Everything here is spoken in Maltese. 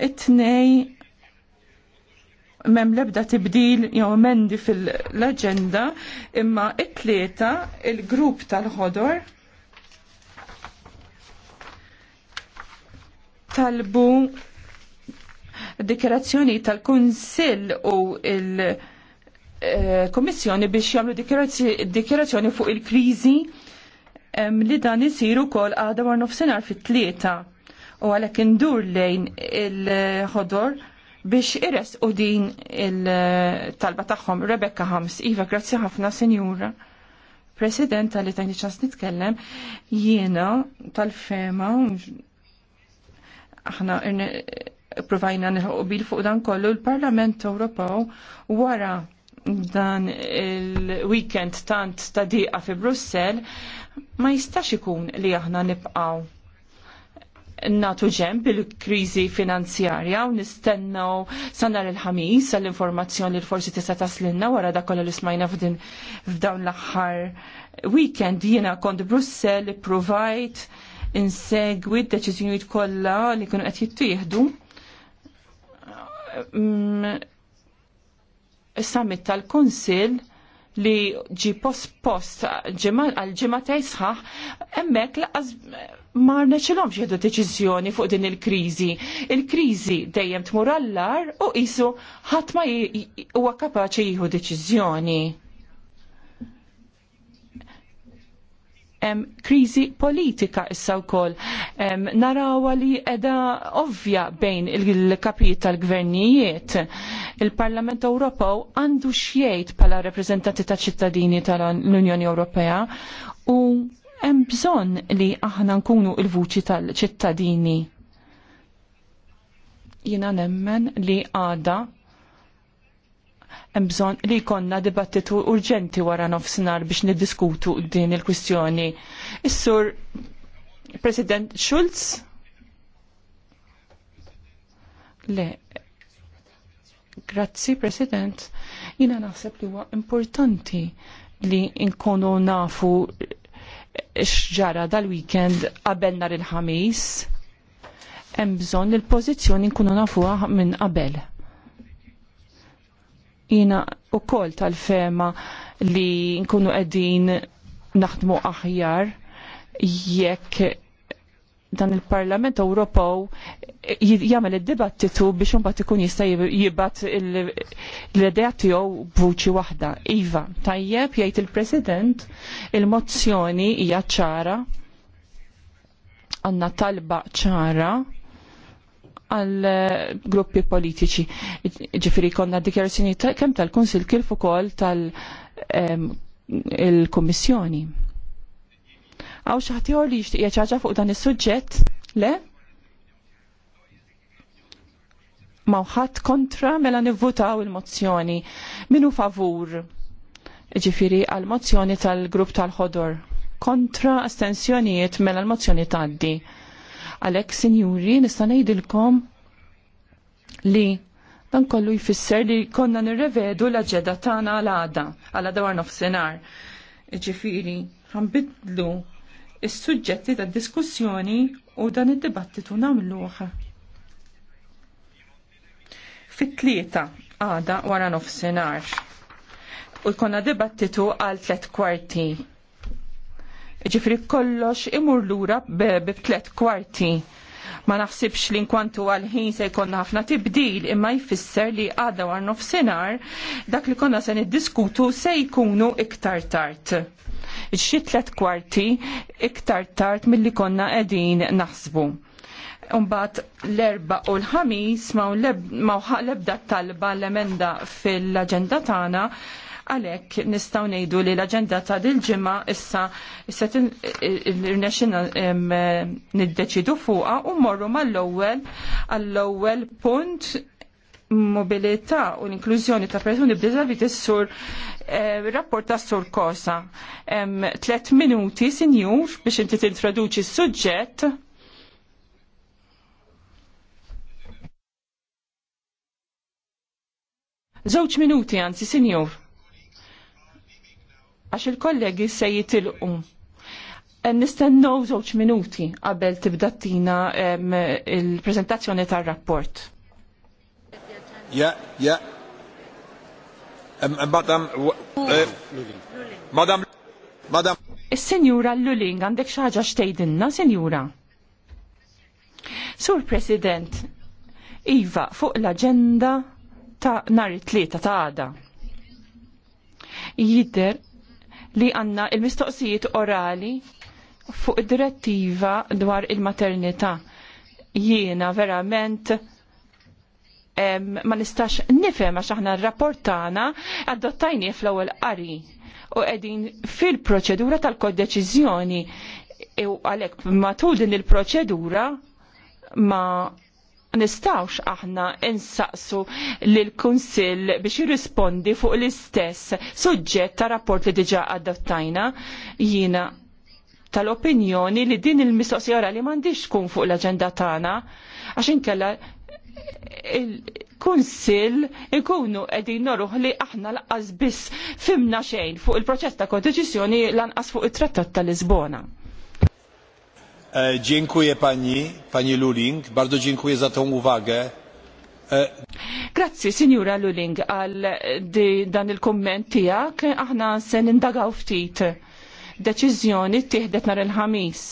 it-tnej mem lebda tibdil jew mendi fil-agenda imma it-tlieta il-grupp tal-ħodor talbu dikjerazzjoni tal-Kunsill u il-Kommissjoni biex jagħmlu dikjerazzjoni fuq il-kriżi li dan isiru kol għadha war nofsinhar fit-tlieta u għalhekk indur lejn il-ħodor biex ires u din il-talba tagħhom Rebecca Hams. Iva, grazzi ħafna, senjura. President tal-li tajni ċas nitkellem, jiena tal-fema, aħna provajna nħu bil fuq dan kollu l-Parlament Ewropew wara dan il-weekend tant ta' diqa fi Brussel ma jistax ikun li aħna nibqaw natu ġem il-krizi finanzjarja u nistennaw sanar il-ħamis għall-informazzjoni li forsi tista' taslinna wara da li smajna f'din f'dawn l-aħħar weekend jiena kont Brussel provajt insegwi d-deċiżjonijiet kollha li kienu qed jittieħdu. Mm, summit tal-Kunsill li ġi post-post għal-ġimatej sħaħ, emmek laqas ma neċilom ġieħdu deċizjoni fuq din il-krizi. Il-krizi dejjem tmur allar u jisu ħadd ma huwa kapaċi jieħu deċizjoni. krizi politika issa wkoll narawa li edha ovvja bejn il-kapijiet tal-gvernijiet il-Parlament Ewropew għandu xjejt pala reprezentanti ta' ċittadini tal-Unjoni Ewropea u hemm bżonn li aħna nkunu il-vuċi tal-ċittadini. Jiena nemmen li għada hemm bżonn li jkollna dibattitu urġenti wara nofsinhar biex niddiskutu din il-kwistjoni. Is-sur President Schulz? Le, Grazzi, President. Jina naħseb li huwa importanti li nkunu nafu xġara dal-weekend qabel nar il-ħamis. Hemm bżonn il-pożizzjoni nkunu nafuha minn qabel. Jina ukoll tal-fema li nkunu qegħdin naħdmu aħjar jekk dan il-Parlament Ewropew jagħmel id-dibattitu biex imbagħad ikun jista' jibgħat l-idea tiegħu b'vuċi waħda. Iva, tajjeb jgħid il-President il-mozzjoni hija ċara għandna talba ċara għal gruppi politiċi. Ġifiri konna dikjarazzjoni kemm tal-Kunsil kif ukoll tal-Kummissjoni. tal kunsil kif ukoll tal kummissjoni il Għaw xaħtiħor li jishtiq jaċaċa fuq dan is-suġġett? Le? Mawħat kontra mela nivvutaw il-mozzjoni. Minu favur? Ġifiri għal-mozzjoni tal-grupp tal-ħodor. Kontra astensjonijiet mela l-mozzjoni taddi. Għalek, sinjuri, nista' ngħidilkom li dan kollu jfisser li konna nirrevedu l ġedda tagħna għal-għada, għal-għada nofsinhar. Ġifiri, ħanbidlu is-suġġetti tad diskussjoni u dan id-dibattitu nagħmluh. Fit-tlieta għada wara nofsinhar. U jkollna dibattitu għal tliet kwarti. Ġifri kollox imur lura tliet kwarti ma naħsibx li nkwantu għal-ħin se jkollna ħafna tibdil imma jfisser li għadda war nofsinar dak li konna se niddiskutu se jkunu iktar tard xi tliet kwarti iktar tard milli konna qegħdin naħsbu. Umbat l-erba u l-ħamis ma' l-ebda talba l-emenda fil-agenda tagħna għalek nistaw nejdu li l-agenda ta' dil-ġimma issa setin il niddeċidu fuqa u morru mal-ewwel għall-ewwel punt mobilità u l-inklużjoni ta' persuni b'disabilità sur eh, rapport ta' sur kosa. tlet minuti, sinjur, biex inti tintroduċi s-suġġett. Żewġ minuti, anzi, sinjur. Għax il-kollegi se jitilqu. Nistennu żewġ minuti qabel tibdattina il-prezentazzjoni tar-rapport. Yeah, yeah. Um, um, madam, uh, eh, madam, madam. Is-senjura Lulling, għandek xi ħaġa xtejdinna, senjura? Sur President, Iva, fuq l aġenda ta' nar it-tlieta ta' għada. Jidder li għanna il-mistoqsijiet orali fuq direttiva dwar il-maternità. Jiena verament ma nistax nifhem għax aħna r-rapport tagħna adottajni fl-ewwel qari u qegħdin fil-proċedura tal-kodeċiżjoni e u għalhekk matul din il-proċedura ma nistawx aħna insaqsu lil kunsill biex jirrispondi fuq l-istess suġġett ta' rapport li diġa adottajna jiena tal-opinjoni li din il-mistoqsija orali m'għandix tkun fuq l-aġenda tagħna għax inkella il kunsil ikunu edin noruħ li aħna laqqas biss fimna xejn fuq il-proċess ta' kodeċizjoni lanqas fuq it-trattat ta' Lisbona. Eh, dziękuję pani, pani Luling. Bardzo dziękuję za tą uwagę. E, Grazzi, signora Luling, għal dan il-komment tijak. Aħna se nindagaw ftit. Deċizjoni tiħdet nar il-ħamis